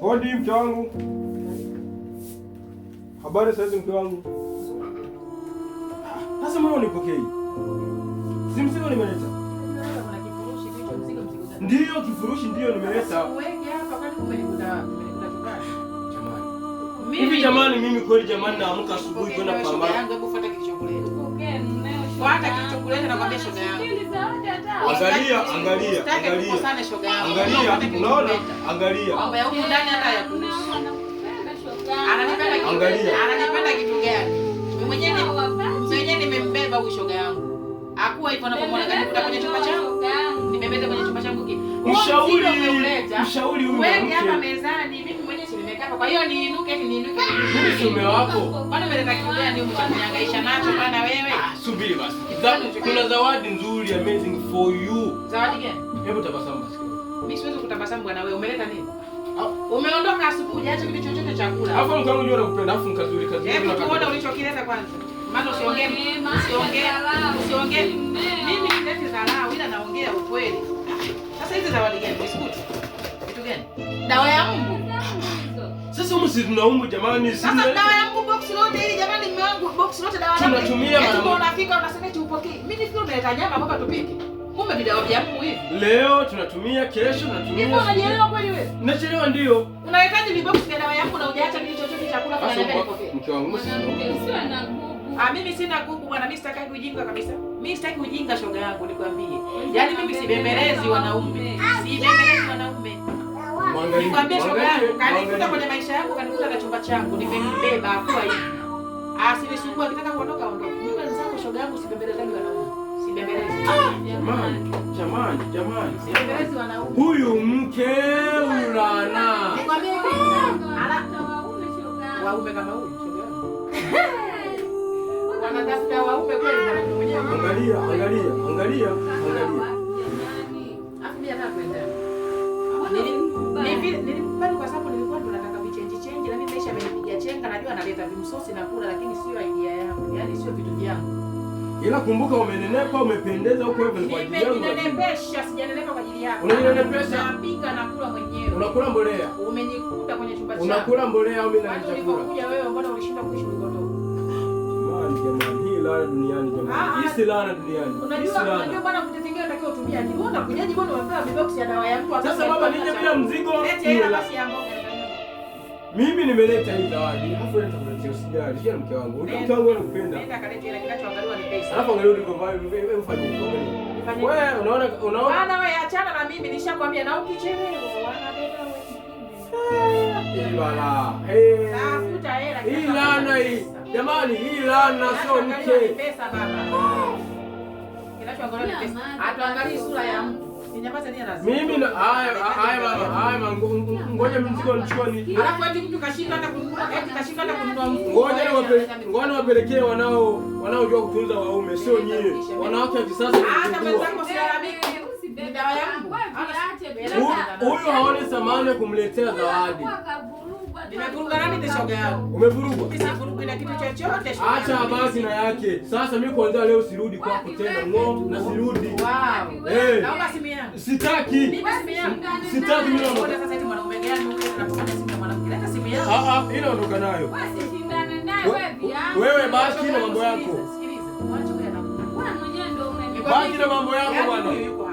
Hodi mke wangu, habari saizi mke wangu. Sasa mbona unipokei? Si mzigo nimeleta. Ndiyo, kifurushi ndiyo nimeleta. Hivi jamani, mimi kweli jamani, naamka asubuhi kwenda kupambana kuleta na kwambia shoga yangu. Angalia, angalia, angalia. Sana shoga yangu. Angalia, unaona? Angalia. Mambo ya huko ndani hata ya kuishi. Ananipenda kitu gani? Ananipenda kitu gani? Mimi mwenyewe mwenyewe nimembeba huyu shoga yangu. Hakuwa hivyo anapomwona kanikuta kwenye chumba changu. Nimembeba kwenye chumba changu. Mshauri, mshauri huyu. Wewe hapa mezani kwa hiyo niinuke, niinuke. Mimi mume wako. Bwana umeleta kimbea ni mtaniangaisha nacho bwana wewe. Ah, subiri basi. Kitabu kuna zawadi nzuri amazing for you. Zawadi gani? Hebu tabasamu basi. Mimi siwezi kutabasamu bwana wewe. Umeleta nini? Umeondoka asubuhi, acha kitu chochote cha kula. Alafu mkangu unajua nakupenda, alafu mkazuri kazuri. Hebu tuone ulichokileta kwanza. Maana usiongee, usiongee, usiongee. Mimi nilete dharau ila naongea ukweli. Sasa hizi zawadi gani? Biskuti. Kitu gani? Dawa ya mbu. Sasa msi mnaumu jamani, sisi. Sasa dawa yangu box lote hili jamani, mume wangu box lote dawa yangu. Tunatumia yaani mama. Ndipo unafika unasema eti upokee. Mimi nifikiri umeleta nyama hapa tupike. Kumbe bidhaa vya Mungu hivi. Leo tunatumia, kesho tunatumia. Ndipo unanielewa kweli wewe? Nachelewa ndio. Unawekaje box vya dawa yangu na hujaacha mimi chochote cha kula kwa nani nipokee? Mke wangu msi. Sio na kuku. Ah, mimi sina kuku bwana, mimi sitaki kujinga kabisa. Mimi sitaki ujinga shoga yangu nikwambie. Yaani mimi sibembelezi wanaume. Sibembelezi wanaume nikwambia shoga yangu kanikuta kwenye maisha yangu, kanikuta na chumba changu, nimembeba kwa hivi asinisumbua, ah, akitaka kuondoka ondoka. Mimi wenzangu, shoga yangu, sibembelezagi wanaume, ah, Jamani, jamani, jamani, Huyu mke ulana, nikwambia waume kama huyu shoga yangu wanatafuta waume kweli vile nilipali kwa sababu nilikuwa ndo nataka vichenji chenji, lakini maisha amenipiga chenga, najua analeta vimsosi na kula, lakini sio idea yangu, yaani sio vitu vyangu. Ila kumbuka umenenepa, umependeza huko hivyo ni kwa ajili yangu. Nimenenepesha, sijanenepa kwa ajili yako. Unanenepesha? Napika na kula mwenyewe. Unakula mbolea? Umenikuta kwenye chumba Unakula mbolea au mimi na chakula? Ulipokuja wewe mbona ulishinda kuishi mgoto? Jamani, jamani, hii laana duniani jamani. Ah, ah. Hii si laana duniani. Unajua, unajua bwana kutetegea ulivyotumia niona kujaji mbona umepewa box ya dawa ya mtu. Sasa baba nije bila mzigo. Leta hela basi ya mboga. Mimi nimeleta hii zawadi. Alafu leta kuletea usijali. Shia mke wangu. Ndio mke wangu anakupenda. Nenda kalete hela kinachoangaliwa ni pesa. Alafu angalia uliko vibe wewe ufanye nini? Wewe unaona unaona. Bana wewe achana na mimi nishakwambia na ukichelewa wana dada wewe. Ibala. Eh. Tafuta hela. Hii lana hii. Jamani hii lana sio mke. Pesa baba. Ah. Mimi na haya haya mama ngoja mzigo mchoni. Ngoja niwape wanao wanaojua kutunza waume sio nyinyi. Wanawake wa kisasa. Hata mwenzako eh, Huyu haoni thamani kumletea zawadi. Umevurugwa? Acha basi na yake. Sasa mimi kuanzia leo sirudi kwako tena ngo na sirudi. Wow. Hey. Eh. Naomba simu yangu. Sitaki. Nipe simu yangu. Sitaki mimi naomba. Sasa eti mwanaume gani huyo simu ya mwanamke? Leta simu yangu. Ah ah, ile ondoka nayo. Wewe sindana naye wewe. Wewe baki na mambo yako. Sikiliza. Baki na mambo yako bwana.